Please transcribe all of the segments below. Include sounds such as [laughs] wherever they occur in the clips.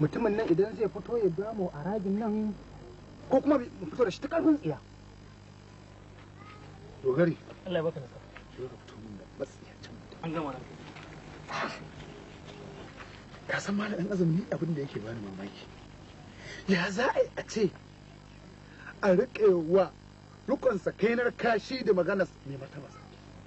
mutumin nan idan zai fito ya ba mu a ragin nan ko kuma mu fito da shi ta karfin tsiya dogari Allah ya baka nasara shi ka fito min da matsiyacin can an gama nan ka san malam dan azumi abin da yake bani mamaki ya za a yi a ce a riƙe wa rukun kainar kashi da magana mai martaba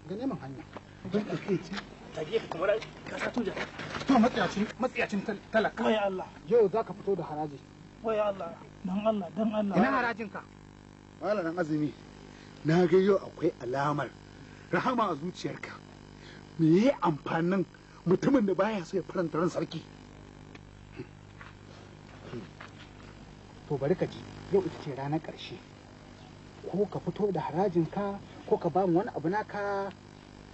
ga neman hanya don ka ce tage ka kamar ka sato jaka to matsiyacin matsiyacin talaka wai Allah yau zaka fito da haraji wai Allah dan Allah dan Allah ina harajin ka malamin azumi na ga yau akwai alamar rahama a zuciyarka me yi amfanin mutumin da baya so ya faranta ran sarki to bari ka ji yau ita ce ranar ƙarshe ko ka fito da harajinka ko ka ba mu wani abu naka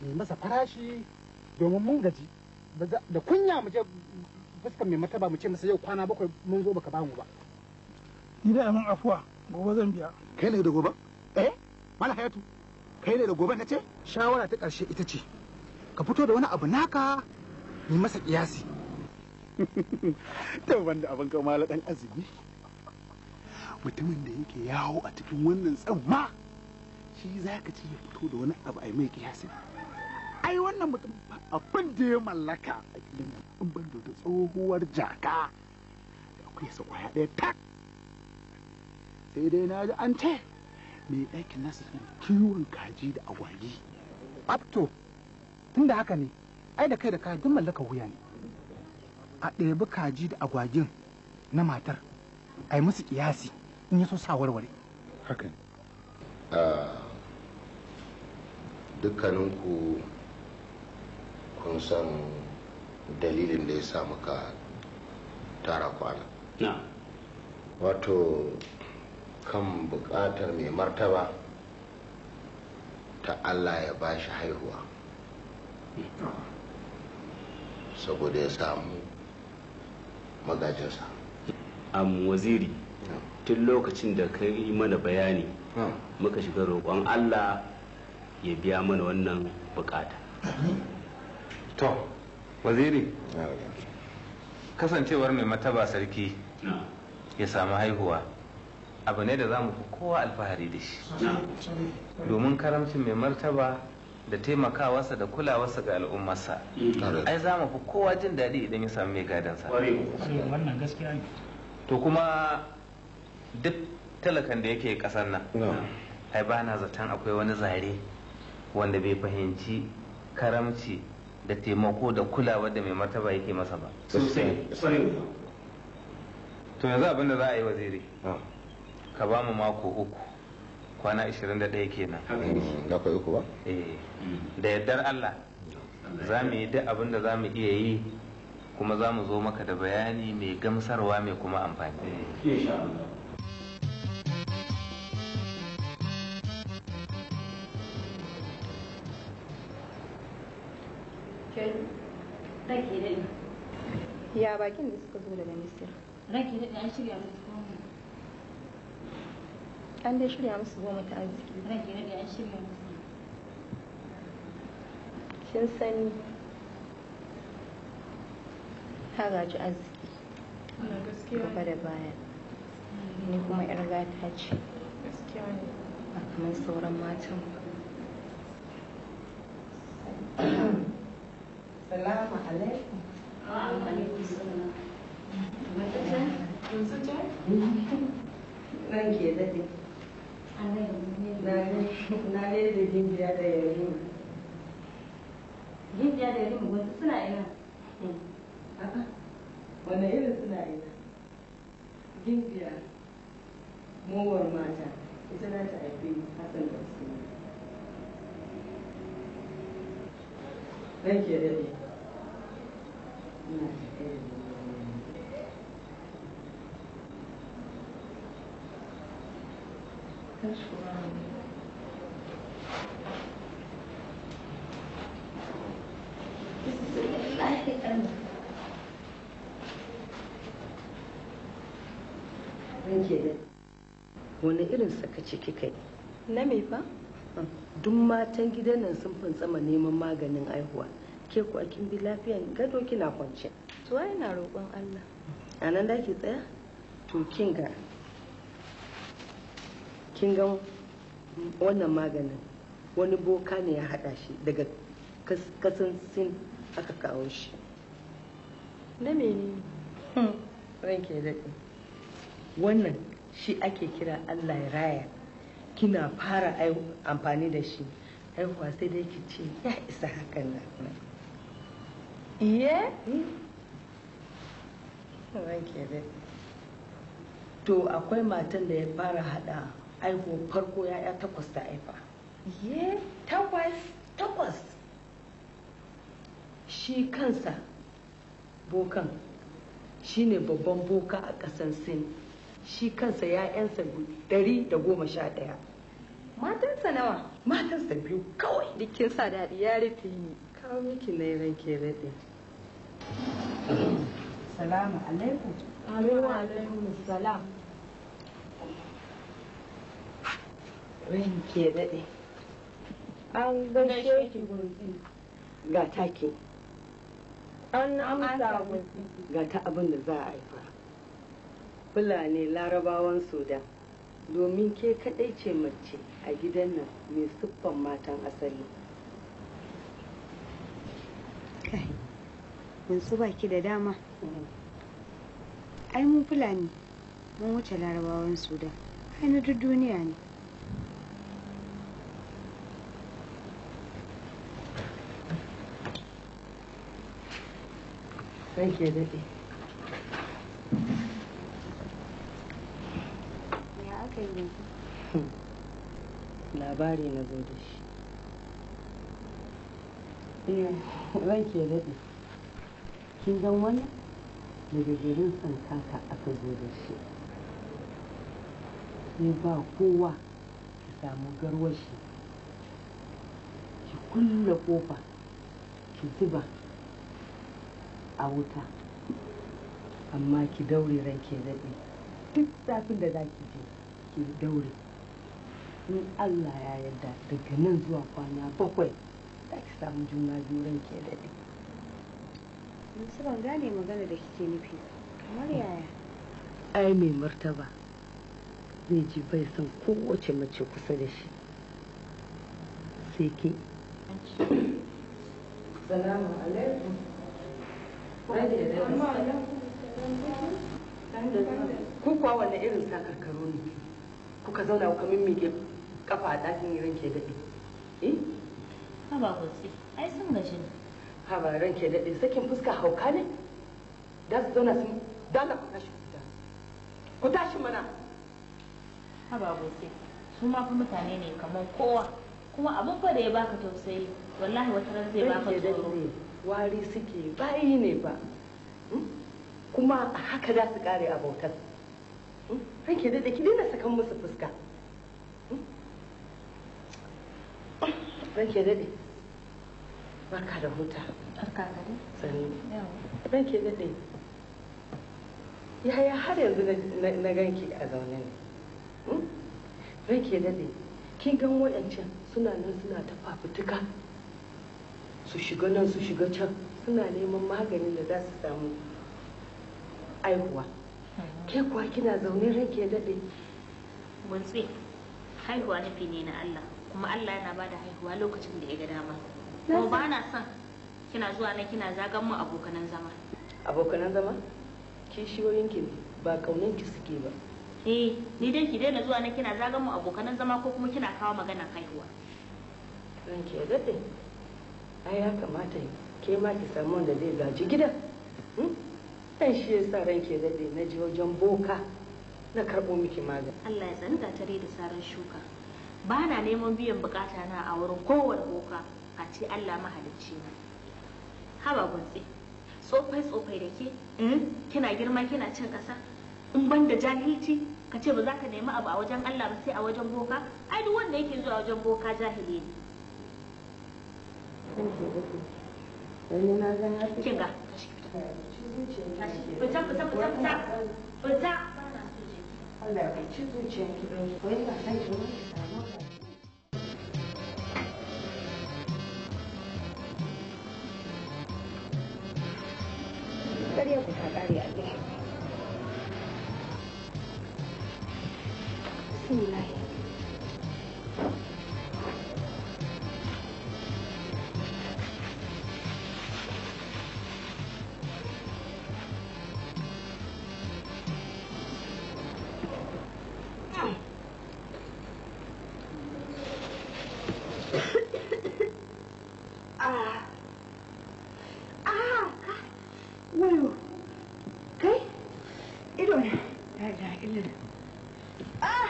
mai masa farashi domin mun gaji da kunya mu je fuskar mai mataba mu ce masa yau kwana bakwai mun zo baka bamu ba ni da amin afuwa gobe zan biya kai ne da gobe eh mala hayatu kai ne da gobe na ce shawara ta karshe ita ce ka fito da wani abu naka ni masa kiyasi ta [laughs] wanda abin kamala dan azumi mutumin da yake yawo a cikin wannan tsamma shi za ka ce ya fito da wani abu a mai kiyasi ai wannan mutum abin da ya mallaka a filin in ban da tsohuwar jaka da ku sa kwaya ɗaya tak sai dai na ji an ce mai ɗakin nasa kiwon kaji da agwagi abto tun da haka ne ai da kai da kayan duk mallaka wuya ne a ɗebi kaji da agwagin na matar a yi musu kiyasi in yi so sa warware haka ne ah, dukkaninku kun san dalilin da ya sa muka tara kwana wato kan bukatar mai martaba ta allah ya ba shi haihuwa saboda ya samu magajinsa a waziri tun lokacin da ka yi mana bayani muka shiga roƙon allah ya biya mana wannan bukata to waziri kasancewar mai mataba sarki ya samu haihuwa abu ne da za mu kowa alfahari da shi domin karamcin mai martaba da taimakawarsa da kulawarsa ga al'ummarsa mm. ai za mu fi kowa jin daɗi idan ya samu mai gadansa to kuma duk talakan da yake ƙasar nan ai ba na zaton akwai wani zare wanda bai fahimci karamci da taimako da kulawa da mai martaba yake masa ba to yanzu abin da za a yi waziri ah. ka ba mu mako uku kwana 21 kenan da mm. kai uku ba eh. mm. da yardar Allah za mu yi duk abin da za mu iya yi kuma za mu zo maka da bayani mai gamsarwa mai kuma amfani eh. Ranki daɗi. Ya bakin da suka zo daga misir? Ranki daɗi an shirya musu goma. An dai shirya musu goma ta arziki. Ranki daɗi an shirya musu. Kin sani ta gaji arziki. Gaba da baya. Ni kuma 'yar gata ce. Gaskiya ne. kamar sauran matan ba. [coughs] Salamu alaikum. Na ne da jinjiya da yarima. Jinjiya da yarima suna ina. Wane irin suna ina? Jinjiya, mowar mata, ita na ta haifi da wani irin sakaci kika yi na me fa duk matan gidan nan sun fantsama neman maganin aihuwa ke ku a kin bi in gado kina kwance tuwa ina roƙon Allah a nan da ki tsaya to kin ga kin ga wannan maganin wani boka ne ya haɗa shi daga kasan sin aka kawo shi na mene hmm, ranke daɗi wannan shi ake kira Allah ya raya kina fara amfani da shi haihuwa sai dai ki ce ya isa hakan nan Iye? To akwai matan da ya fara hada aiko farko ya'ya takwas ta aifa. Iye? Takwas? Takwas. Shi kansa bokan shi ne babban boka a ƙasan Sin. Shi kansa ya'yansa ɗari da goma sha ɗaya. Matansa nawa? Matansa biyu kawai. Duk daɗi ya rufe ni. Kawo miki na ranke daɗe. Salamu alaikum. Amin wa alaikum salaam. Rain ke daɗe. An gaishe ki gurbi. Ga taki. An amsa gurbi. Ga ta abin da za a haifa. Fulani larabawan Sudan. Domin ke kaɗai ce mace a gidan nan mai siffan matan asali. yanzu ba ki da dama ai mun fulani mun wuce larabawan sudan ai na duk duniya ne sai you, Daddy. Ya aka yi yanzu? Labari na zo da shi. zan eh, ke daɗi. kin gan wani daga garin sankaka aka zo da shi sai ba kowa ki samu garwashi ki kulle kofa ki zuba a wuta amma ki daure ranke daɗe duk zafin da za ki je ki daure in allah ya yarda daga nan zuwa kwana bakwai za ki samu juna biyu ranke daɗe Yanzu ban gane magana da kike nufi kamar yaya. Ai mai martaba zai ji bai san kowace mace kusa da shi. Sai ke. Salamu alaikum. Ku kuwa wanne irin sa karkaro ne? Kuka zauna kuka mimmike kafa a ɗakin ranke daɗi. Eh? Ba ba ai sun gaji ne. haba ranke daɗe sakin fuska hauka ne da su zauna sun dala ku tashi fita ku tashi mana haba aboki su ma fa mutane ne kamar kowa kuma abin fa da ya baka tausayi wallahi wata ran zai baka tsoro wari suke bayi ne ba hmm? kuma a haka za su kare abautar hmm? ranke daɗe ki daina sakan musu fuska hmm? ranke daɗe barka da huta barka ka dai sannu ran ke dade yaya har yanzu na ganki a zaune ne hmm? ranke daɗe kin gan wayancan suna nan suna ta fafutuka su shiga nan su shiga can suna neman maganin da za su samu aihuwa mhm. ke kuwa kina zaune ranke daɗe buntse haihuwa nufi ne na Allah kuma Allah yana bada haihuwa lokacin da ya ga dama Ko ba na son kina zuwa kina zagan mu abokanan zama. Abokanan zama? Kishiyoyin ki ne ba kaunan ki suke ba. Eh, ni dai ki daina zuwa nan kina zagan mu abokanan zama ko kuma kina kawo magana haihuwa. Ranki ya dade. Ai ya kamata ke ma ki samu wanda zai gaji gidan. Hmm? Dan shi yasa ranki ya dade na ji wajen boka. na karɓo miki magani. Allah ya tsani gatare da saran shuka. Ba na neman biyan bukata na a wurin kowane boka. face Allah mahalicci na haba gutsi tsofai tsofai da ke eh, kina girma kina cin kasa in ban da jahilci ka ce ba za ka nemi abu a wajen Allah ba sai a wajen boka ai duk wanda yake zuwa wajen boka jahili ne fita fita fita fita fita Allah ya ci ba Estaría pues Atalia. Sí, wayo kai ido na la ilaha illallah ah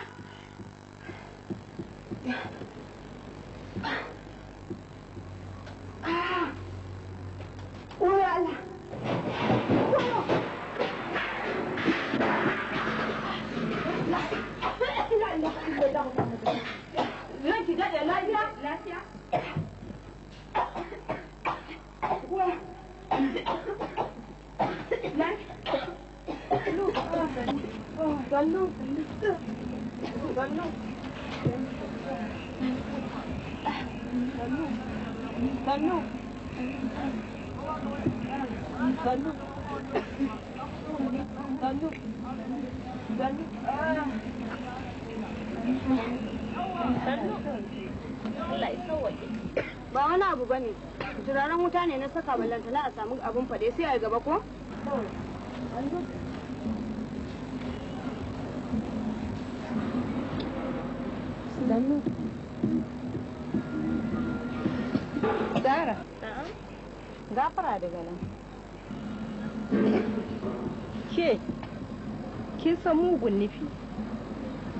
wuta ne na saka ballantana a samu abun fade sai a gaba ko? Dara. Gafara daga nan. Ke, kin san mugun nufi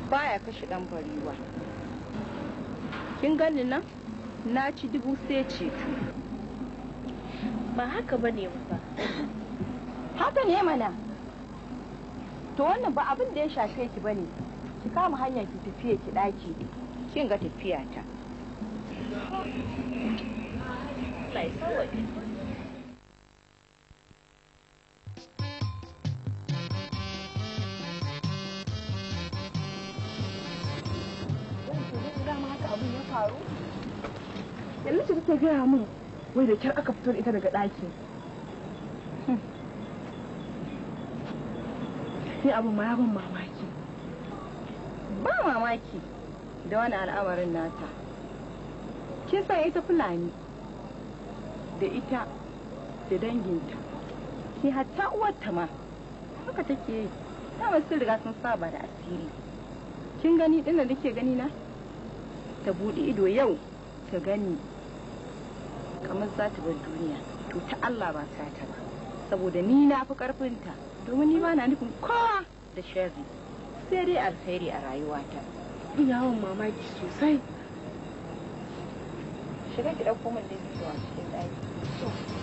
baya kashe ɗan bariwa. Kin gani nan? Na ci dubu sai ceto. ba haka ba ne ba haka ne mana to wannan ba abin da ya shafe ki ba ne ki kama hanyar ki tafiye ki daki kin ga tafiya ta Yanzu ki kike gaya mun wai da kyar aka fito ita daga ɗaki sai abin ma ya ban mamaki ba mamaki da wani al'amarin nata ke sa ita fulani da ita da danginta ke hatta uwarta ma haka take yi ta sun riga sun saba da asiri kin gani ɗin da gani na ta buɗe ido yau ta gani kamar za ta bar duniya to ta Allah ba ta ta saboda ni na fi karfinta domin ni ba na nufin kowa da sharri sai dai alheri a rayuwata yawon mamaki sosai shiga ki ɗauko min da cikin ɗaki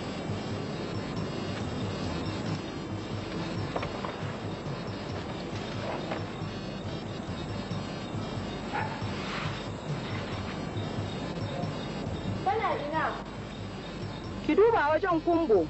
um cumbu.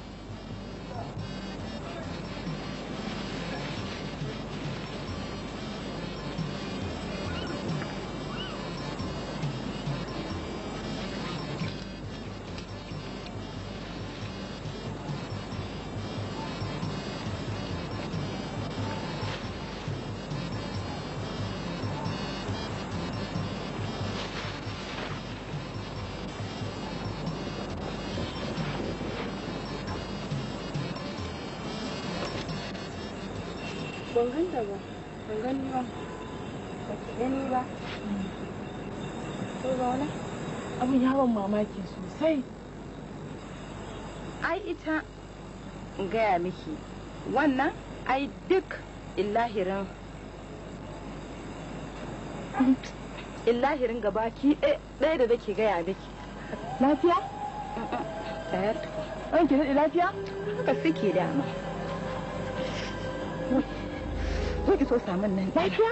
mamaki sosai ai ita gaya miki wannan ai duk illahirin illahirin gabaki ɗaya da nake gaya miki lafiya? ɗaya ɗan ki daɗe lafiya? haka suke dama zo ki so samun nan lafiya?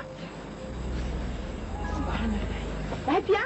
lafiya?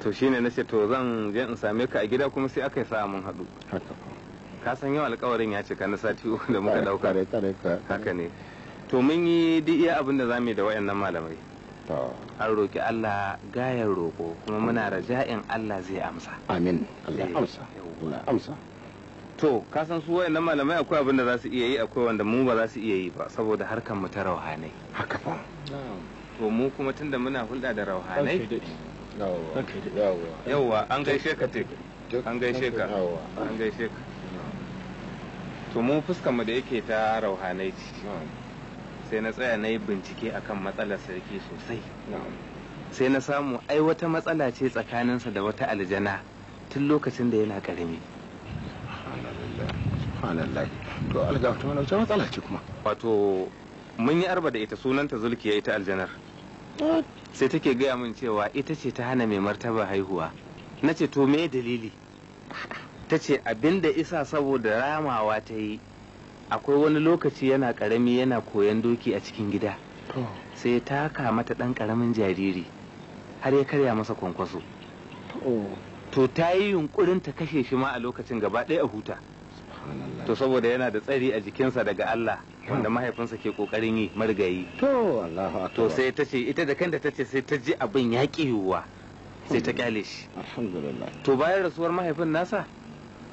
to shine na ce to zan je in same ka a gida kuma sai aka sa mun haɗu ka san yau alkawarin ya cika na sati uku da muka dauka haka ne to mun yi duk iya abin da zamu yi da wayannan malamai an roki Allah gayar roko kuma muna raja'in Allah zai amsa amin Allah eh, amsa Allah amsa to ka san su wayannan malamai akwai abin da za su iya yi akwai wanda mu ba za su iya yi ba saboda harkan mu ta rauhanai haka fa to mu kuma tunda muna hulɗa da rauhanai yawwa an gaishe ka tek an gaishe ka an gaishe ka to mu fuskar mu da yake ta rauhanai ci sai na tsaya na yi bincike akan matsalar sarki sosai sai na samu ai wata matsala ce tsakaninsa da wata aljana tun lokacin da yana karami to ta wani wata matsala ce kuma wato mun yi arba da ita sunanta zulkiya ita aljanar sai take gaya min cewa ita ce ta hana mai martaba haihuwa na ce to me dalili ta ce abinda isa saboda ramawa ta yi akwai wani lokaci yana karami yana koyan doki a cikin gida sai ta taka mata ɗan karamin jariri har ya karya masa kwankwaso to ta yi yunkurin ta kashe shi ma a lokacin gaba ɗaya a huta to saboda yana da tsari a jikinsa daga Allah wanda mahaifinsa ke kokarin yi marigayi to to sai ta ce ita da kanta ta ce sai ta ji abin ya yiwuwa sai ta kyale shi alhamdulillah to bayan rasuwar mahaifin nasa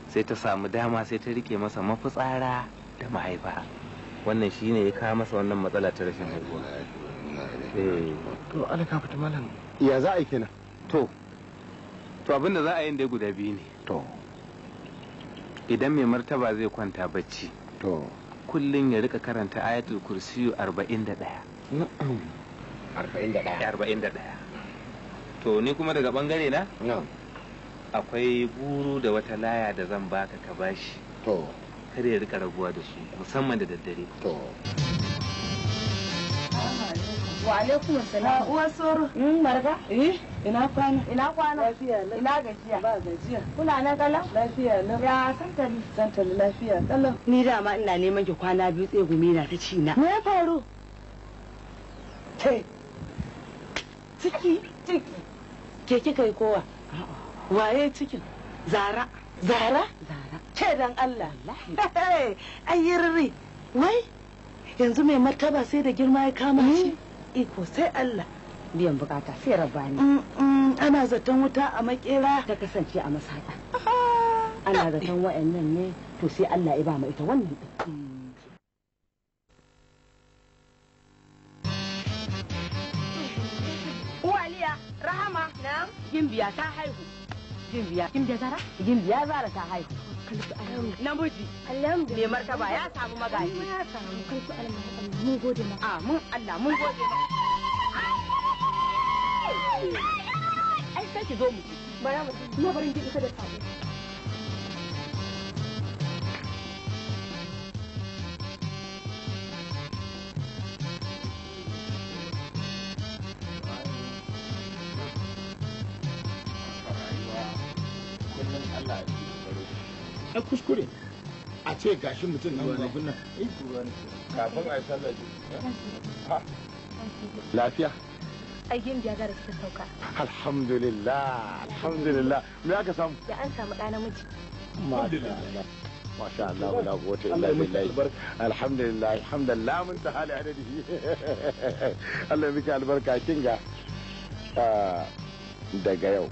sai ta samu dama sai ta rike masa mafitsara da mahaifa wannan shine ya kawo masa wannan matsala ta rashin haihuwa eh. to alaka fita malam ya za a yi kenan to to abinda za a yi da guda biyu ne to idan mai martaba zai kwanta bacci to kullum ya rika karanta ayatul kursiyu 41 na'am 41 to ni kuma daga bangare na akwai buru da wata laya da zan baka ka bashi to kar ya rika raguwa da su musamman da daddare to wa alaikum assalam uwa soro mun marga eh Ina kwana? Ina kwana? Lafiya lau. Ina gajiya? Ba gajiya. Kuna na kalau? Lafiya lau. Ya santali? Santali lafiya kalau. Ni dama ina neman ki kwana biyu tsaye gumi na ta ci na. Me ya faru? Kai. Ciki. Ciki. Ke kika yi kowa? Waye cikin? Zara. Zara? Zara. Ke dan Allah. Ayyirri. Wai? Yanzu mai martaba sai da girma ya kama shi. Hmm. Iko sai Allah. biyan bukata sai rabani mm, mm, ana zaton wuta a makera ta kasance a masaka ana zaton nan ne to sai Allah ya ba mu ita wannan Uwaliya Rahama na Gimbiya ta haihu Gimbiya Gimbiya Zara Gimbiya Zara ta haihu alamu. mai martaba ya samu magani. ya samu kalfi alamu. mun gode ma. a mun Allah mun gode ma. ai sai ki zo mu bara mu na barin ki isa da sako a kuskure a ce gashi mutum nan babun nan kafin a yi sallah lafiya agin ya gara suka sauka. Alhamdulillah, alhamdulillah. Me aka samu? Ya an samu ɗa namiji. Masha Allah, wala gote illa billahi. Alhamdulillah, alhamdulillah mun ta hali adadi. [laughs] Allah miki albarka kin ga. Ah, daga yau.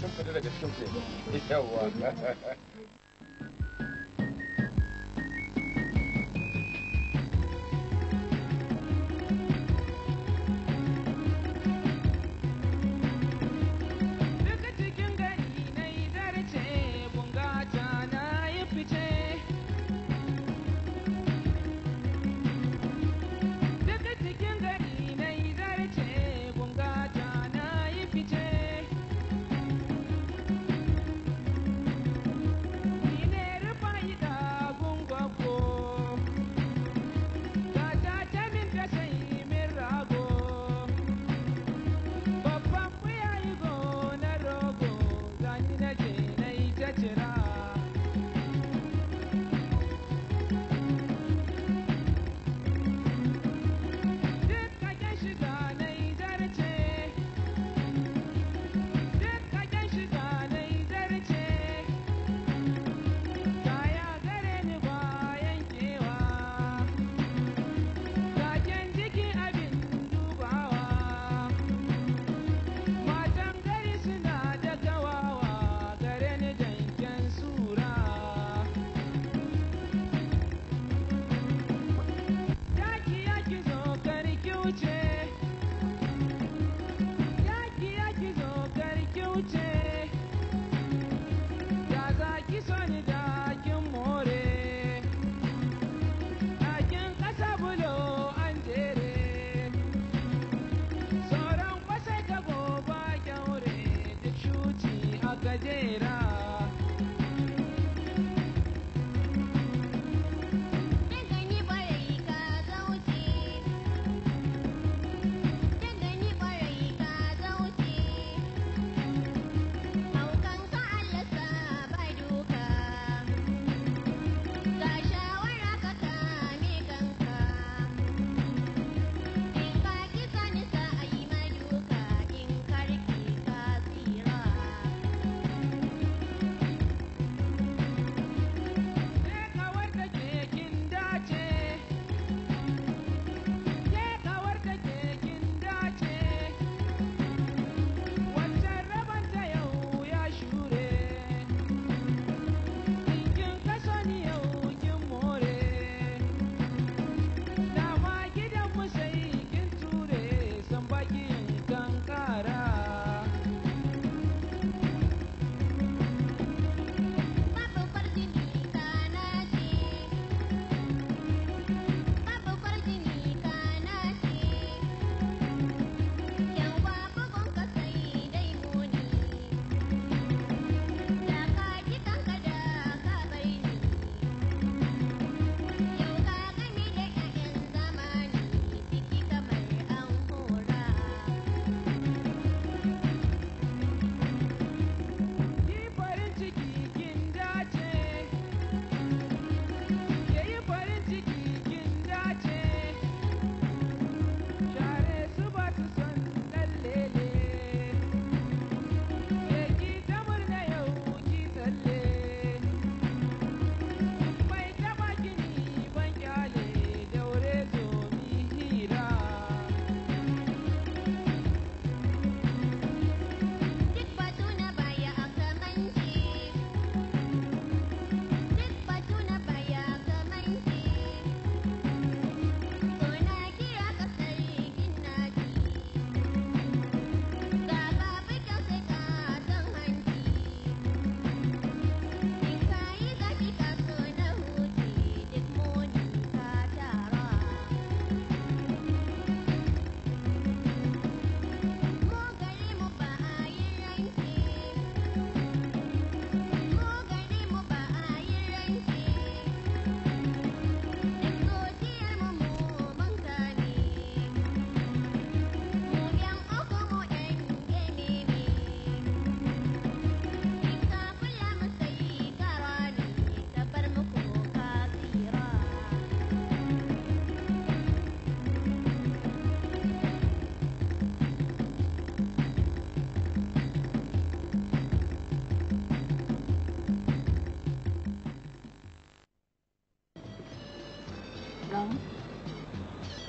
Kun fita daga cikin yawa. [laughs]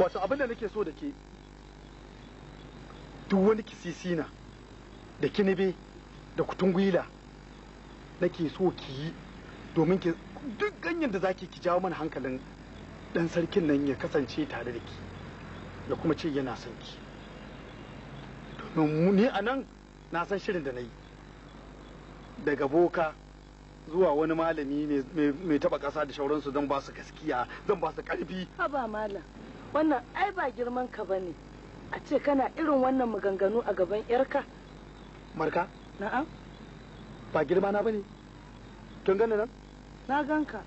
wato abin da nake so da ke duk wani kisisina da kinibe da kutungwila nake so ki yi domin ki duk ganyen da zaki ki jawo mana hankalin dan sarkin nan ya kasance tare da ki da kuma ce yana son ki domin ni a nan na san shirin da na yi daga boka zuwa wani malami mai taba kasa da shauransu zan ba su gaskiya zan ba su karfi haba malam wannan ai ba girman ka bane a ce kana irin wannan maganganu a gaban yarka marka na'am ba girma na bane kin gane nan na ganka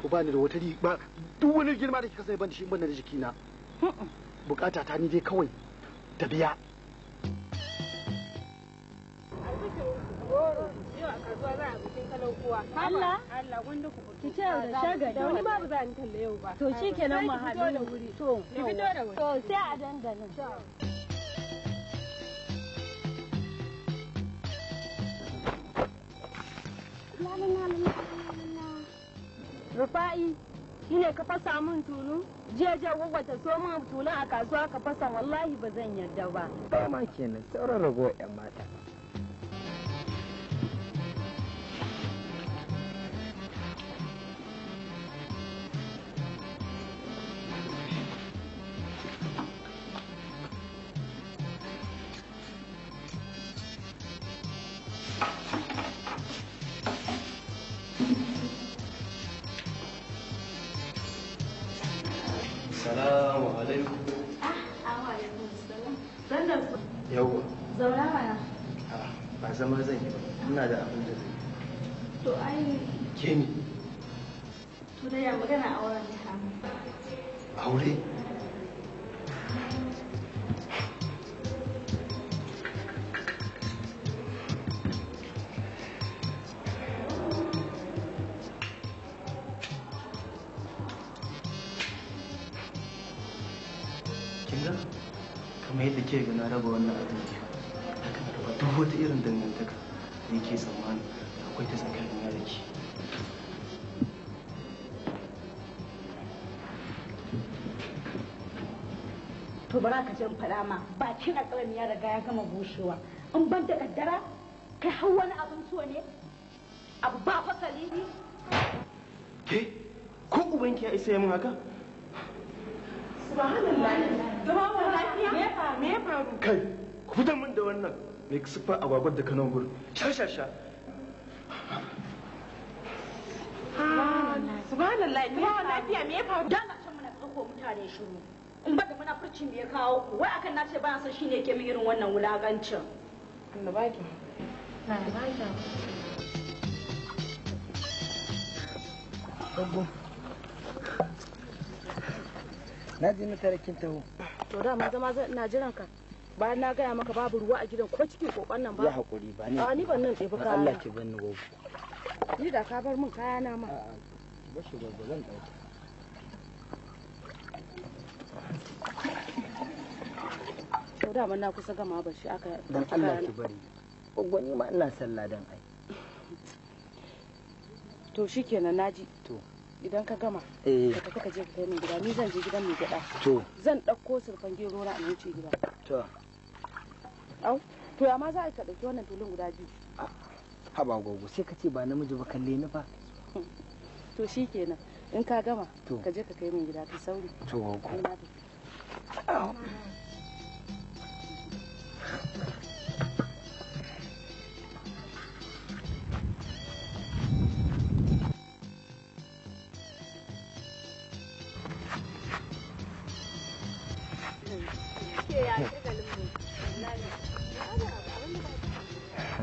to bani ni da wata ba duk wani girma da kika sani ban shi ban da na. bukata ta ni dai kawai ta biya a kasuwa za a kuwa. Allah? Ki da shagali. wani babu za ni kalle yau ba. To shi kenan mu Rufa'i shi ne ka fasa min tulu? Jiya jiya gwagwata so min tulu a kasuwa ka fasa wallahi ba zan yarda ba. kenan sauran 'yan mata. bara ka jan fada ma bakin akalan ya riga ya gama bushewa in ban da kaddara kai har wani abin so ne abu ba fa ne ke ko ki ya isa min haka subhanallah gaba wa lafiya me faru me fa kai ku fitan min da wannan me sifa agwagwar da kanan gurin sha sha sha subhanallah subhanallah me faru lafiya me fa dan a can mutane shiru muna furcin da ya kawo ku wai akan na ce bayan san shine ke min irin wannan wulagancin Allah Na ji na tarakin taho To da ma zama ina jiran ka bayan na gaya maka babu ruwa a gidan ko cikin kokon nan ba Ya hakuri ba ni ni ban nan tsefi kaya Allah ki Ni da ka bar min kaya na ma A'a bashi zan dauka dama na kusa gama ba shi aka dan Allah ki bari gwani ma ina sallah dan ai to shikenan naji to idan ka gama eh ka ka je ka kai min gida ni zan je gidan mai gida to zan dauko surfan gero na in wuce gida to au to amma za a ka dauki wannan tulun guda biyu ah, haba gogo sai ka ce ba namiji ba kalle ni fa [laughs] to shikenan in ka gama ka je ka kai min gida ka sauri to gogo na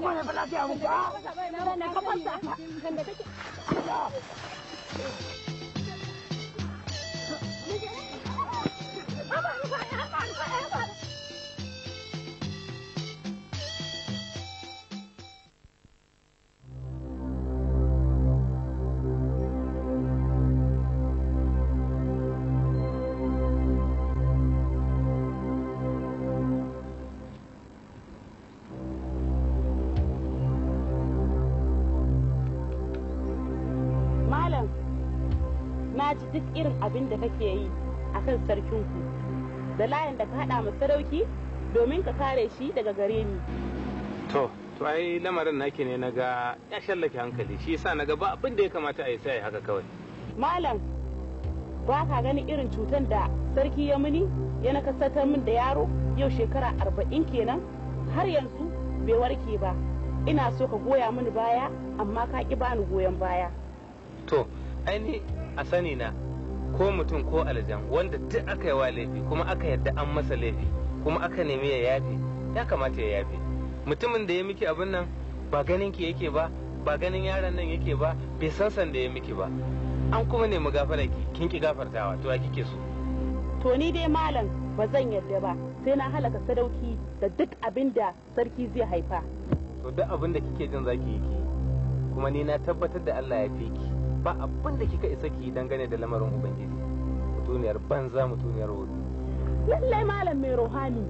kan wani ba lafiya mu ba. Kan da kake. irin abin da kake yi a kan sarkinku da layin da ka haɗa ma sarauki domin ka kare shi daga gare ni. To, to ai lamarin nake ne na ya shallake hankali shi yasa na ga ba abin da ya kamata a yi sai haka kawai. Malam, ba ka gani irin cutar da sarki ya muni ya nakasatar min da yaro yau shekara arba'in kenan har yanzu bai warke ba. Ina so ka goya mini baya amma ka ki bani goyon baya. To, ni a sani na ko mutum ko aljan wanda duk aka yi wa laifi kuma aka yarda an masa laifi kuma aka nemi ya yafe ya kamata ya yafe mutumin da ya miki abin nan ba ganin ki yake ba ba ganin yaron nan yake ba bai san san da ya miki ba an kuma nemi gafarar ki kin ki gafartawa to a kike so to ni dai malam ba zan yarda ba sai na halaka sadauki da duk abin da sarki zai haifa to duk abin da kike jin zaki yi kuma ni na tabbatar da Allah ya fi ba abin da kika isa ki dangane da lamarin ubangiji mutuniyar banza mutuniyar wofi lallai malam mai ruhani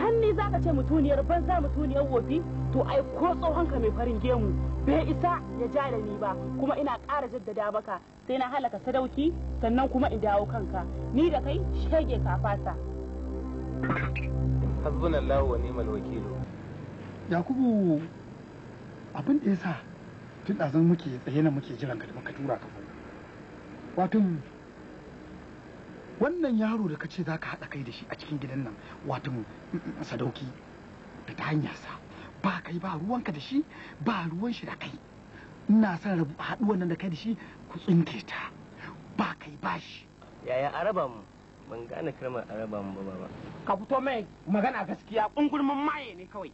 hanni za ka ce mutuniyar banza mutuniyar wofi to ai ko tsohon ka mai farin gemu bai isa ya ja da ni ba kuma ina ƙara jaddada maka sai na halaka sadauki sannan kuma in dawo kanka ni da kai shege kafasa hasbunallahu wa ni'mal wakilu yakubu abin da yasa tun ɗazan muke tsaye na muke jiran ka da muka tura ka wato wannan yaro da ka ce za ka haɗa kai da shi a cikin gidan nan wato mm, mm, sadauki da ta hanyarsa ba kai ba ruwanka da shi ba ruwan shi da kai ina son haɗuwan nan da kai da shi ku tsinke ta ba kai ba shi yaya araban mu ban gane kalmar araban mu ba ba ka fito mai magana gaskiya kungurmin maye ne kawai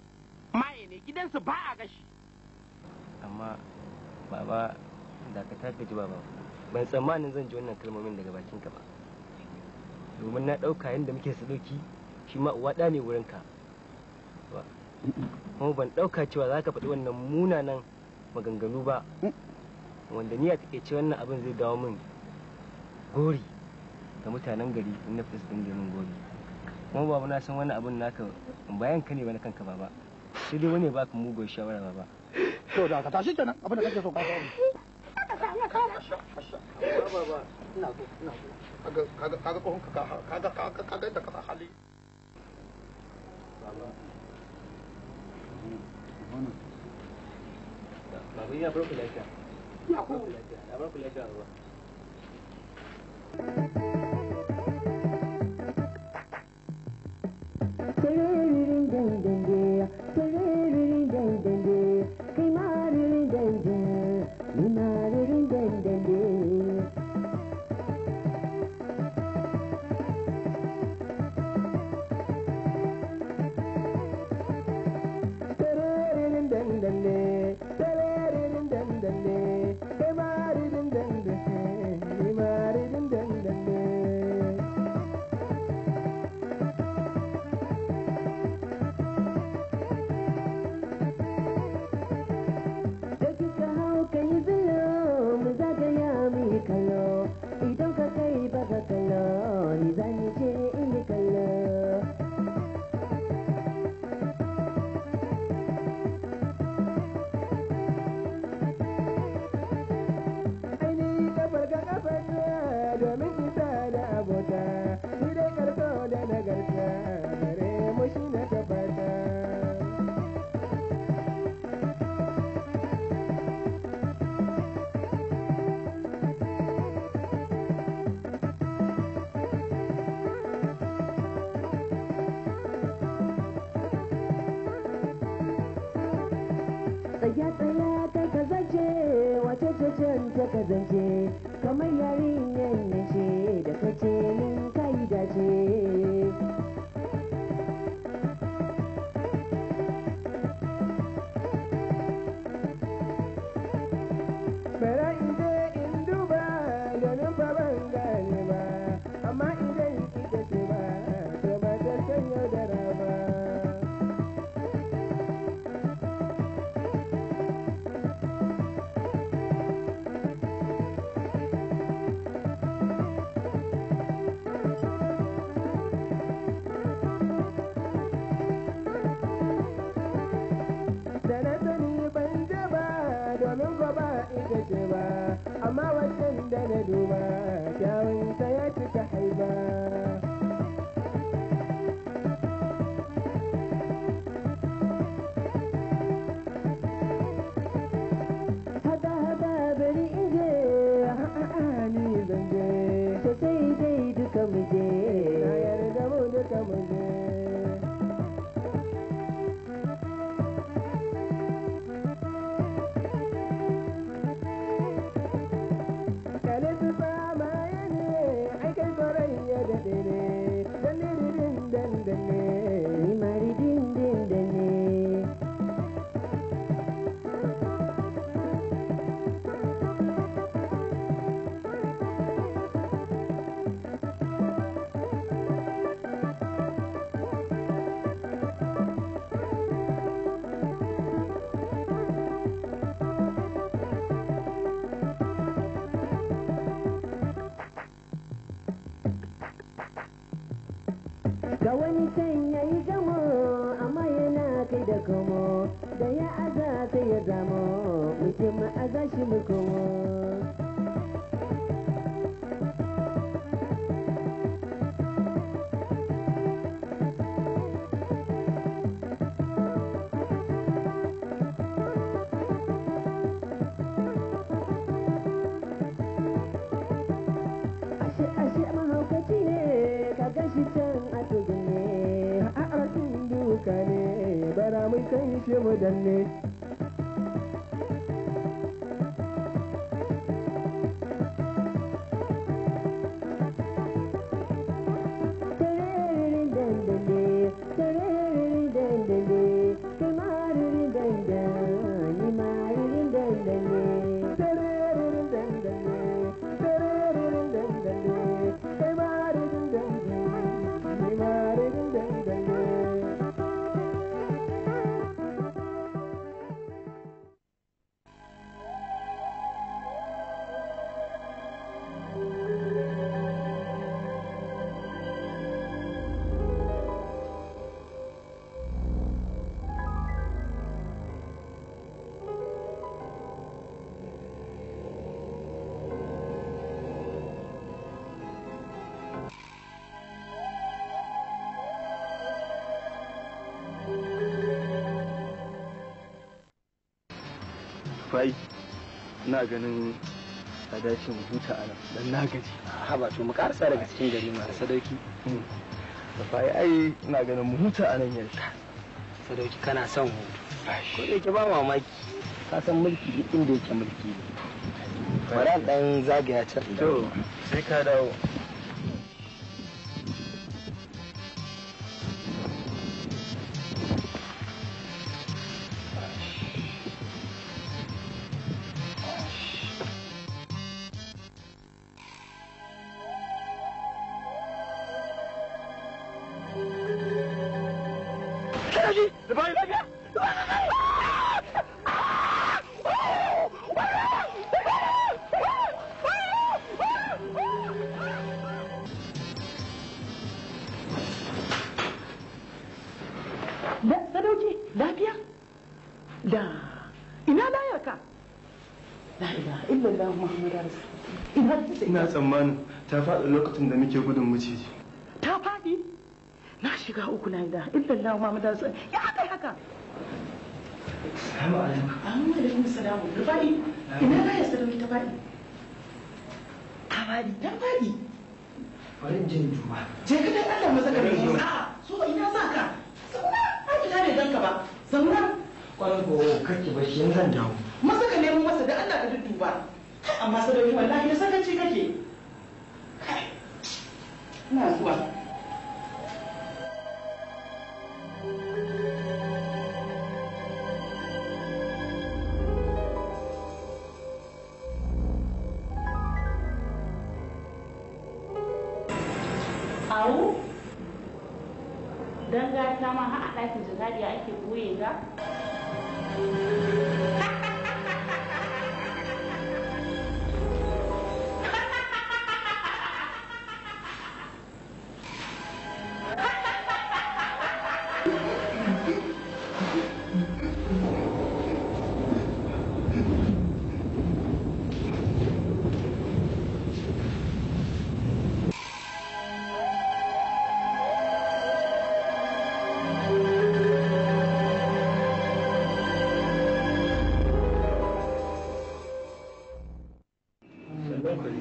maye ne gidansu ba a gashi amma baba da ka tafi ji ba ban tsammanin zan ji wannan kalmomin daga bakin ka ba domin na ɗauka yadda muke sadoki shi ma uwa ɗa ne wurinka kuma ban ɗauka cewa za ka faɗi wannan munanan maganganu ba wanda ni take cewa wannan abin zai dawo min gori ga mutanen gari in na fis din min gori kuma babu na san wani abin naka bayan ka ne ba na kanka baba sai dai wani ba ka mugun shawara baba 今日じゃあ片足じゃな危なかったそうか。Ding ding ding ding, ding ding ding ding. Nunarin dendendi, nunarin dendendi. zance kamar yarinyar nace da kace Wani wancan ya yi gamo amma yana kai da komo da ya aza sai ya zamo mutum aza shi mu komo rami kan shi mu danne ina ganin a dashin huta a dan na gaji haba to mu karasa daga cikin gari ma sadauki hmm. da bai ai ina ganin mu huta nan yanzu sadauki kana son hutu ko da ke ba mamaki ka san mulki inda yake mulki ba bari dan zagaya can to sai ka dawo ina tsammanin ta faɗi lokacin da muke gudun maciji ta faɗi na shiga uku na da illallah ma madan sai ya kai haka salamu alaikum amma da mu salamu da faɗi ina ga ya sarki ta faɗi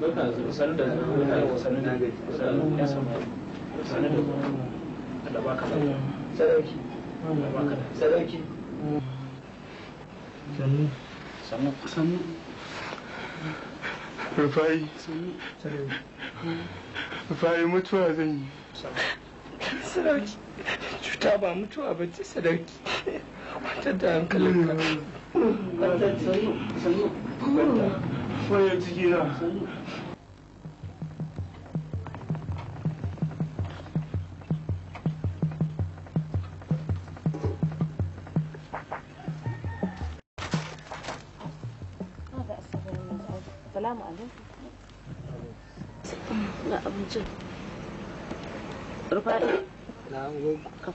sanar da sanar da sanar da sanar da baka da sadauki sadauki sannu sannu sannu rufai rufai mutuwa zan yi sadauki cuta ba mutuwa ba ce sadaki. Wata da hankalin ka sannu sannu sannu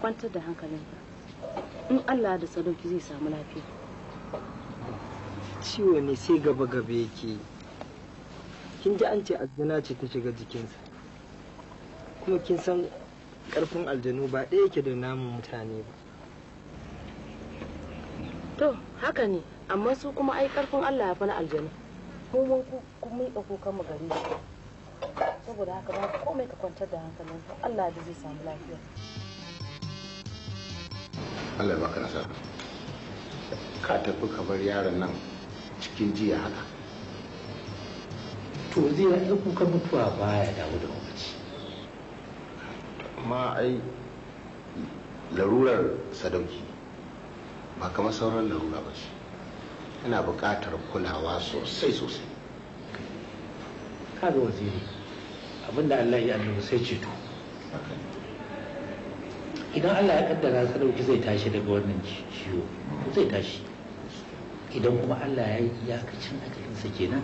kwantar da hankalinka in allah da sadauki zai samu lafiya ciwo ne sai gaba gaba yake kin ji an ce aljana ce ta shiga jikinsa kuma kin san karfin aljanu ba ɗaya yake da namun mutane ba to haka ne amma su kuma ai karfin allah ya na aljanu mun kuma mun kukan kama gari saboda haka ba komai ka kwantar da hankalinka allah da zai samu lafiya Allah ka tafi kamar yaron nan cikin jiya haka to zai ya iya kuka mutuwa baya dawo da mamaci amma ai larurar sadauki ba kamar sauran larura ba ce yana buƙatar kulawa sosai sosai Ka ga waziri abinda Allah ya annabi sai ceto idan Allah ya kaddara sadauki zai tashi daga wannan ciwo zai tashi idan kuma Allah ya yi iyakacin akalinsa kenan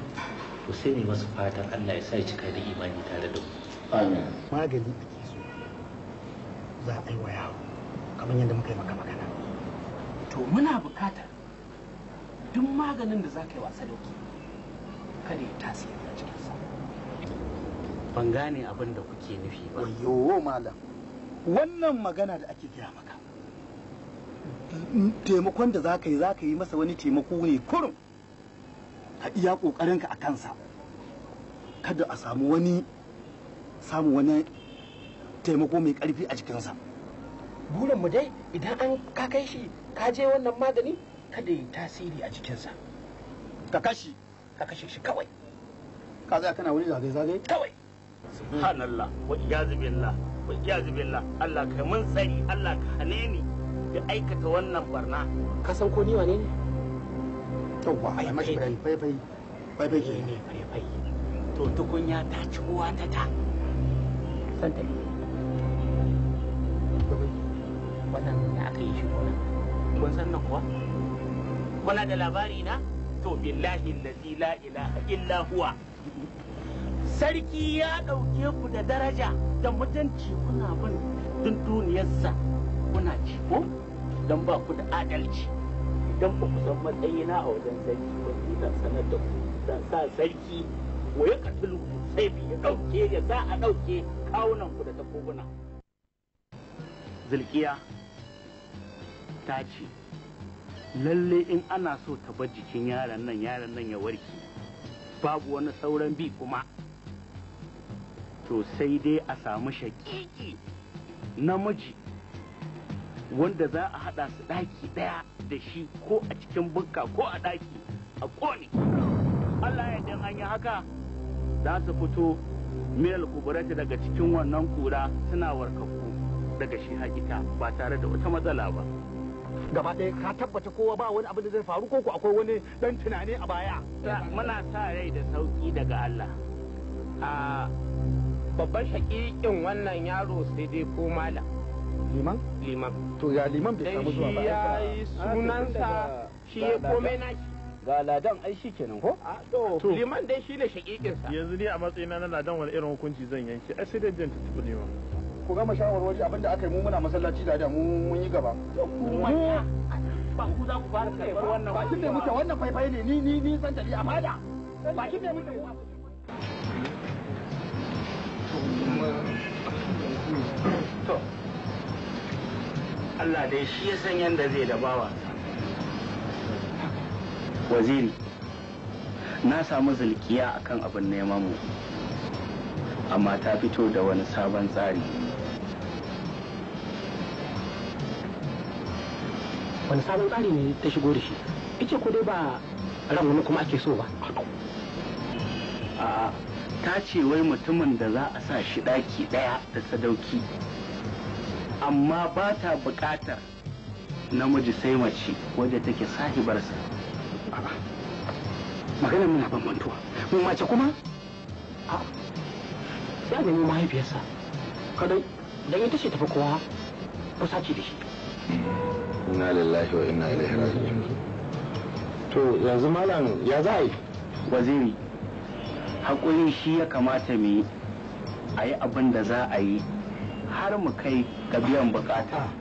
to sai mai masu fatan Allah ya sa ya cika da imani tare da mu magani ake so za a yi wa yawo kamar yadda muka yi maka magana to muna bukatar duk maganin da za ka yi wa sadauki kada ya tasiri a cikinsa ban gane abin da kuke nufi ba yo malam wannan magana da ake gaya maka taimakon da za ka yi za ka yi masa wani taimako ne kurum ka iya ƙoƙarinka a kansa kada a samu wani samu wani taimako mai ƙarfi a jikinsa burin mu dai idan an ka kai shi ka je wannan magani kada yi tasiri a jikinsa ka kashi ka kashe shi kawai ka zai kana wani zagaye zagaye kawai subhanallah wa iyazu billah wa iyazu billah Allah ka mun tsari Allah ka hane ni da aikata wannan barna ka san ko ni wane ne yawwa a yi mashi bai bai bai ke ne bai to tukunya ta ci uwa ta ta san ta wannan ne aka yi shi kuma kun san na kuwa kuna da labari na to billahi allazi la ilaha illa huwa sarki ya ɗauke ku da daraja da mutunci kuna bin duniyarsa kuna ci ko don ba ku da adalci don ba ku san matsayina a wajen sarki ba ni zan sanar da ku zan sa sarki wa ya katilu sai bi ya ɗauke ya za a ɗauke kawunan ku da takobuna. Zulkiya ta ce lalle in ana so ta bar jikin yaran nan yaran nan ya warke babu wani sauran bi kuma to sai dai a samu shakiki namiji wanda za a haɗa su ɗaki ɗaya da shi ko a cikin bukka ko a daki a ƙone Allah ya dan an yi haka za su fito miyar kuburata daga cikin wannan kura suna warkakku daga shi hakika ba tare da wata matsala ba gaba ɗaya ka tabbata kowa ba wani abin da zai faru ko akwai wani dan tunani a baya muna sa rai da sauki daga Allah a ah, babban shakikin wannan yaro sai dai ko malam liman liman to ya liman bai samu zuwa ba ya yi ah, sunansa shi ya komai naki ga ladan ai shi kenan ko ah, to liman dai shi ne sa yanzu ni a matsayina na ladan wani irin hukunci zan yanke ai sai dai janta tuku liman ku gama shawarwari abinda aka yi mu muna masallaci da mu mun yi gaba ba ku za ku fara kai wannan ba kin da muke wannan faifai ne ni ni ni san da amana ba kin da muke to Allah dai shi ya san yadda zai da bawa waziri na samu zulkiya akan abin neman mu amma ta fito da wani sabon tsari wani sabon tsari ne ta shigo da shi ita ko dai ba ran wani kuma ake so ba a'a ta ce wai mutumin da za a sa shi ɗaki ɗaya da sadauki amma ba ta buƙatar namiji sai mace wadda take sahibarsa maganar muna bambantuwa mu mace kuma ya nemi mahaifiyarsa kadai da ita ce tafi kowa kusa ce da shi inna lillahi wa inna ilaihi raji'un to yanzu malam ya za a yi waziri haƙuri shi ya kamata mu yi a yi abin da za a yi har mu kai ga biyan bukata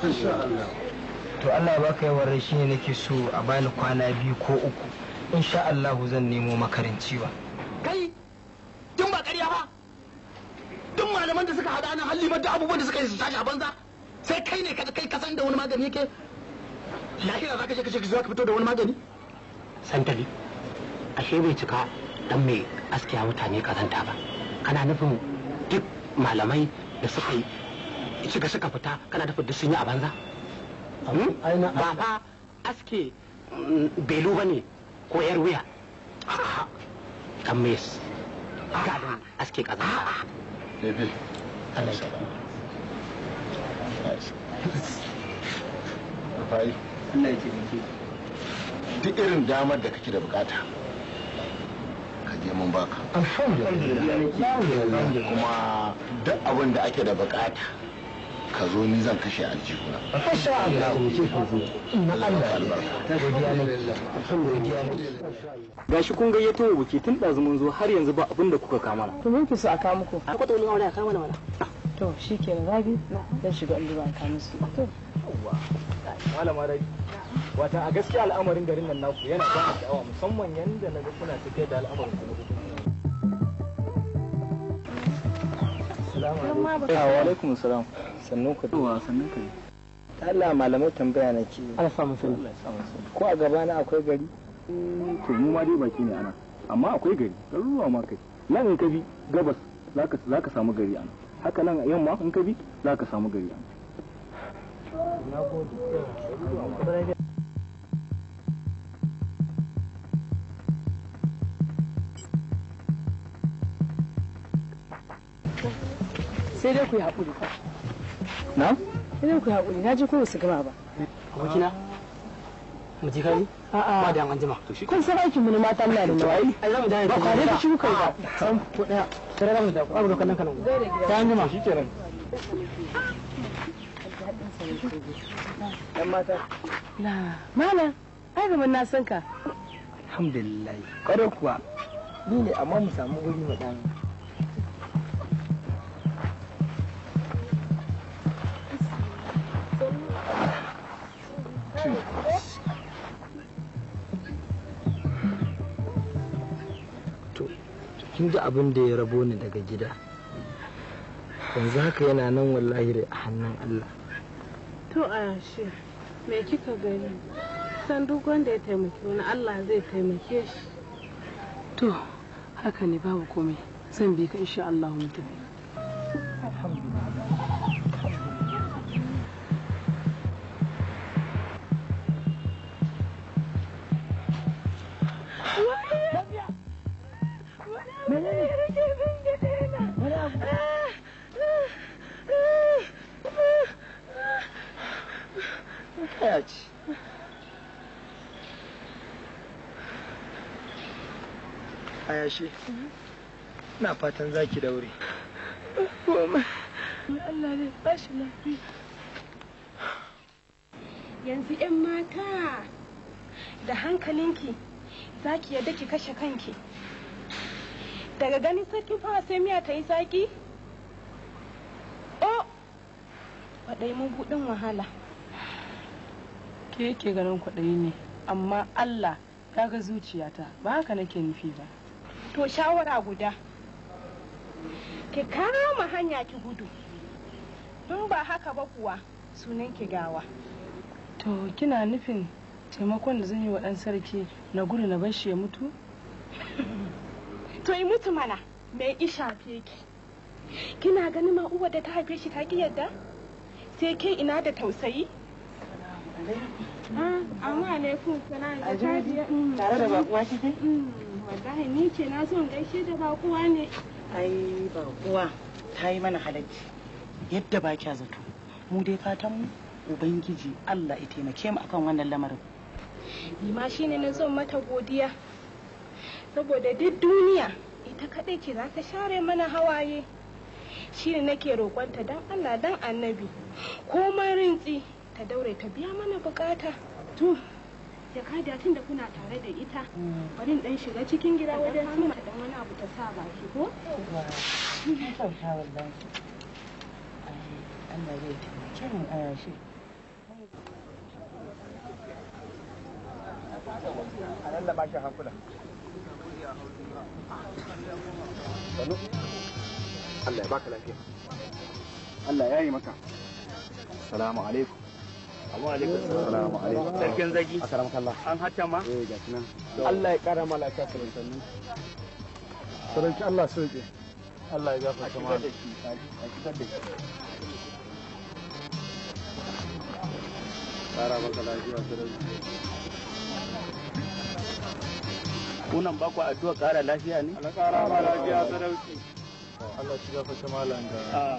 to Allah baka yawan rashi shine nake so a bani kwana biyu ko uku insha Allah zan nemo makarin ba kai tun ba ƙarya ba tun malaman da suka hada nan halli da abubuwan da suka yi su tashi a banza sai kai ne kai kasan da wani magani yake lahira za ka je ka ce ka fito da wani magani santali ashe bai cika dan mai askiya mutane kazanta ba kana nufin duk malamai da suka yi shiga suka fita kana da duk sun yi a banza hmm? ba fa aske mm, belu ba ne ko yar wuya kan mes gadon aske kaza duk irin damar da kake da bukata ka je mun baka alhamdulillah kuma duk abin da ake da bukata ka zo ni zan kashe aljihuna masha Allah mu ce ku zo ina Allah albarka gashi kun gayyato mu buki tun da mun zo har yanzu ba abin da kuka kama to mun fi a kawo muku a kwata wani wani a na mana ah. to shikenan rabi zan shiga in a ka musu to malama rabi wata a gaskiya al'amarin garin nan naku yana ba sha'awa musamman yanda na ga kuna tafiya da al'amarin kuma alaikum salam sannan ku da sannan ku Allah malamai tambaya na ke Allah samu sani ko a gaba na akwai gari eh, to mu ma dai baki ne ana amma akwai gari garuruwa ma kai nan in ka bi gabas zaka zaka samu gari ana haka nan yamma in ka bi zaka samu gari ana Thank sai dai ku yi haƙuri fa na sai dai ku yi haƙuri na ji ko su gama ba abokina mu je kai a'a ba da an jima kun san aikin mu ne mata na da ai da ba ka shi kai ba san ko daya tare da mu da abu da kallon kallon ta an jima dan mata mana ai na san ka alhamdulillah kuwa ni ne amma mu samu guri mu dan to abin da ya rabo ni daga gida yanzu haka yana nan wallahi a hannun Allah to a me kika gani san duk wanda ya taimaki wani Allah zai taimake shi to haka ne babu komai zan bi ka insha Allah mu tafi Ayashe, na fatan za ki daure. Goma, Allah ne ba shi lafiya. Yanzu ‘yan mata da hankalinki Zaki ki yadda ki kashe kanki daga ganin sarki fara sai miya ta yi zaki oh kwaɗayi buɗin wahala ke ke ganin kwaɗayi ne amma allah ya ga zuciyata ba haka nake nufi ba to shawara guda ki kama hanya ki gudu in ba haka ba kuwa sunan ki gawa to kina nufin taimakon da zan yi wa ɗan sarki na gudu na bashi ya mutu? to yi mutu mana mai isha ki kina ganin ma uwa da ta haife shi ta ki yadda sai ke ina da tausayi ah, amma ne ku sana da tajiya mm, tare da bakuwa ke mm, wallahi ni ke na son gaishe da bakuwa ne ai bakuwa ta yi mana halacci yadda ba kya zato mu dai fatan mu ubangiji Allah ya taimake mu akan wannan lamarin nima ne na zo mata godiya saboda duk duniya ita kaɗai ce za ta share mana hawaye shi ne nake roƙonta don allah don annabi komai rintsi ta daure ta biya mana bukata to ya kada tun da kuna tare da ita bari in dan shiga cikin gida wajen suna da wani abu ta sa baki ko Allah zai taimake mu a shi a nan da bakin hankula Allah ya baka lafiya Allah ya yi maka salamu alaikum Assalamu alaikum. Sarkin zaki. Assalamu kallah. An hatta ma? Eh ga nan. Allah ya kara mala ta fulantanni. Sarki Allah ke. Allah ya gafarta ma. A kitar da shi. Kara maka lafiya sarki. kunan ba ku addu'a kara lafiya ne Allah kara ma lafiya sarauci Allah shiga fashe malam da ah.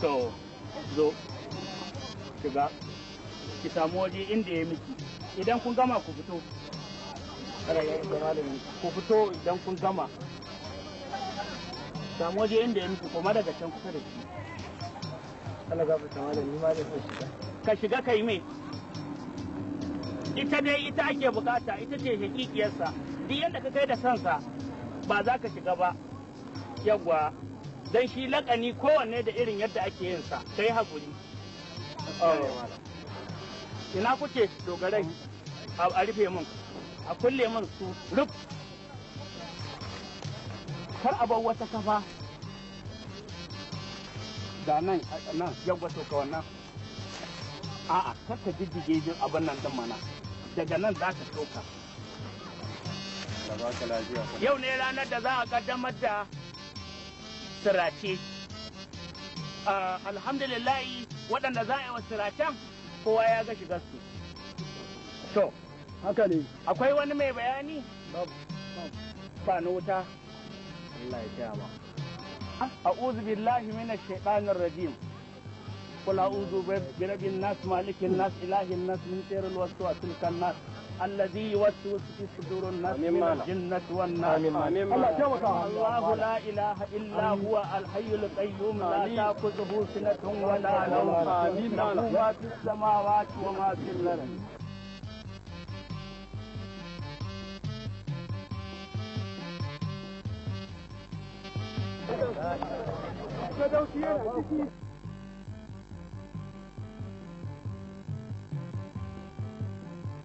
to zo shiga ki samu waje inda ya miki idan kun gama ku fito ku fito idan kun gama samu waje inda ya miki kuma daga can kusa da shi Allah ga fashe malam ni ma da shiga ka shiga kai mai ita dai ita ake bukata ita ce hakikiyarsa duk yadda ka kai da sansa ba za ka shiga ba yawwa don shi lakani kowanne da irin yadda ake yin sa kai hakuri oh. ina kuke dogarai a rufe mun a kulle mun su rufe. kar a bar wata kafa da nan nan yawwa to ka wannan a'a kar ka jijjige abin nan din mana daga nan za ka ɗauka. Yau ne ranar da za a kaddamar da sirace. Alhamdulillahi waɗanda za a yi wa siracen kowa ya ga shigar su. haka ne. Akwai wani mai bayani? Babu. Fano wuta. Allah ya ba. A'udhu billahi minash shaitanir rajim. قل أعوذ برب الناس مالك الناس إله الناس من شر الوسواس الخناس الذي يوسوس في صدور الناس من الجنة والناس الله لا إله إلا هو الحي القيوم لا تأخذه سنة ولا نوم له ما في السماوات وما في الأرض Продолжение следует...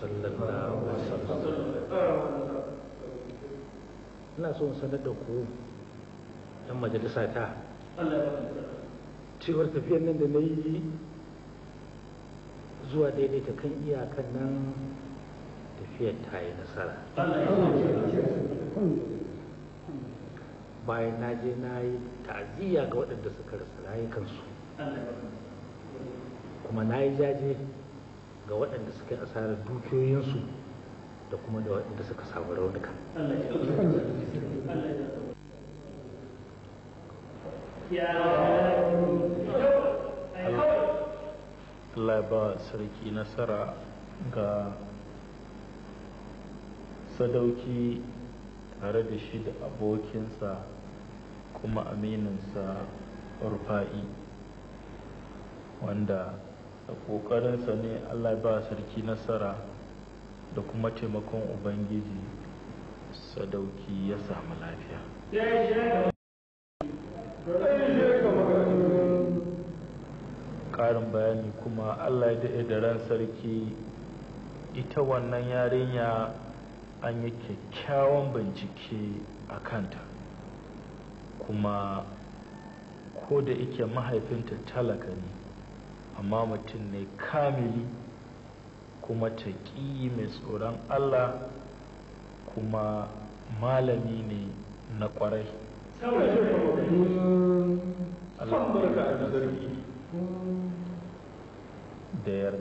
صلى الله وسلم ina so in sanar da ku yan majalisa ta cewar tafiyar nan da na yi zuwa daidaita kan iyakan nan tafiyar ta yi nasara bayan na je na yi ta'aziyya ga waɗanda suka rasa rayukansu kuma na yi jaje ga waɗanda suka yi asarar dukiyoyinsu da kuma da waɗanda suka samu raunuka Allah ba sarki nasara ga sadauki tare da shi da abokinsa kuma amininsa rufa'i wanda da ƙoƙarinsa ne allah ba sarki nasara da kuma taimakon ubangiji sadauki ya samu lafiya ƙarin bayani kuma allah ya daɗe da ran sarki ita wannan yarinya an yi kyakkyawan bincike a kanta kuma ko da ike mahaifinta talaka ne amma mutum ne kamili kuma taƙi mai tsoron Allah kuma malami ne na ƙwarai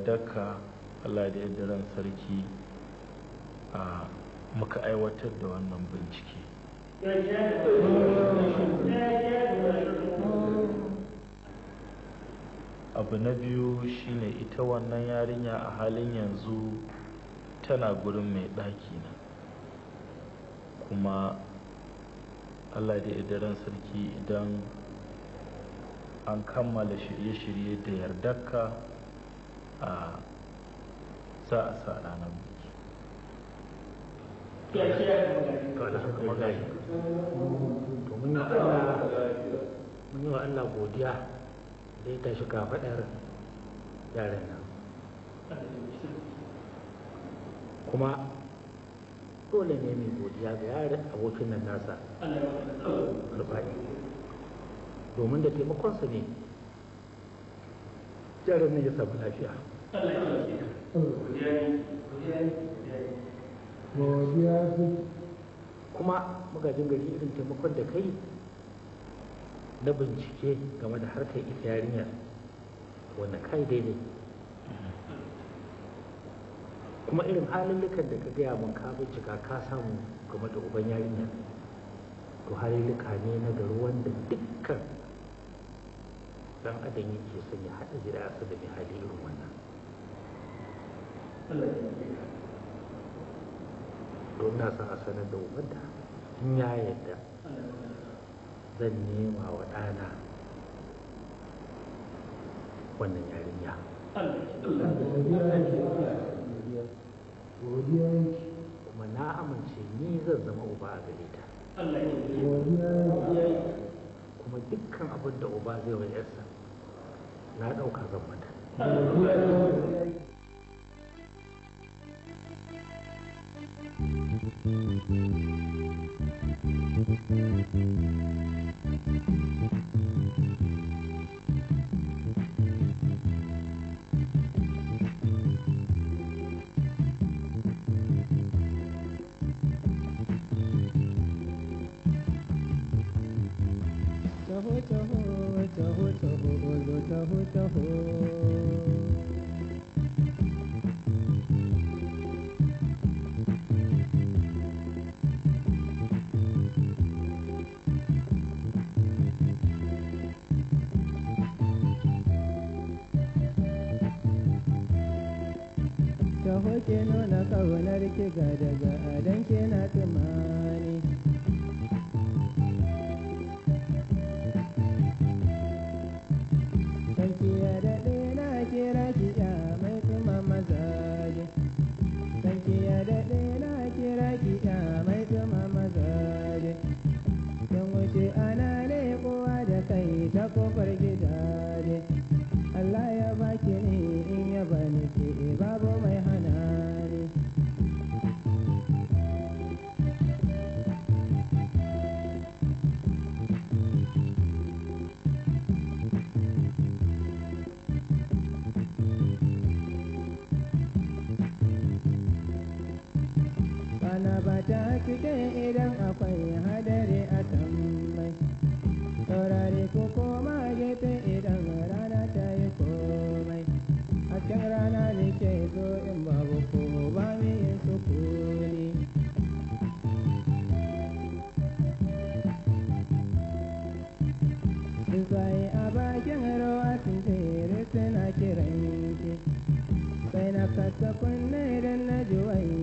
da ka Allah da yadda ran sarki a muka aiwatar da wannan bincike. abu na biyu shine ita wannan yarinya a halin yanzu tana gurin mai ɗaki na kuma allah da idaran sarki idan an kammala shirye-shirye da yardarka a za a sa ranar biki. muna Allah godiya da ya tashi kafaɗar yaren nan kuma dole ne mai godiya ga yaren abokin nan nasa domin da taimakonsa ne yaren nan ya samu lafiya kuma magajin gari irin taimakon da kai na bincike game da harkar ita yarinya wanda kai daidai kuma irin halillukan da ka gaya mun ka bincika ka samu game da uban yarinya to halillika ne na gari wanda dukkan dan adam yake son ya haɗa gida a da mai irin wannan don na san a sanar da wanda in ya yarda zan nema wa ɗana wannan yarinya kuma na amince ni zan zama uba a gare ta kuma dukkan abin da uba zai wa yarsa na ɗauka zan mata Thank you. taho taho taho taho taho taho hoke nuna kaunar ki ga daga adan na tuma ta fite idan akwai hadari a sammai saurare ko koma gefe idan rana ta yi komai hasken rana ne ke zo in babu ku ba mi yin sukuni Tsuntsaye a bakin rawa sun tere suna kiran sai na kasa kunne don na ji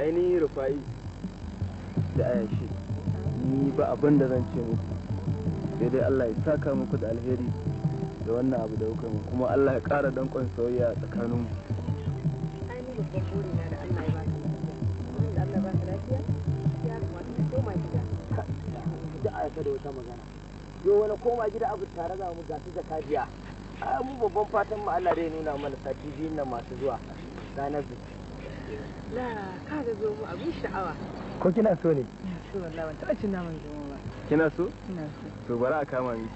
ainihin rufa'i da ayashi ni ba abin da zan ce muku sai dai Allah ya saka muku da alheri da wannan abu da kuka mu kuma Allah ya ƙara danƙon soyayya tsakanin mu da aika da wata magana yo wani koma gida abu tare za mu gasu zakariya a mu babban fatan mu Allah zai nuna mana sati biyun nan masu zuwa ranar biki da zomo abin sha'awa ko kina so ne shi wallahi ban taɓa cin naman zomo ba kina so Kina so to bari a kama ni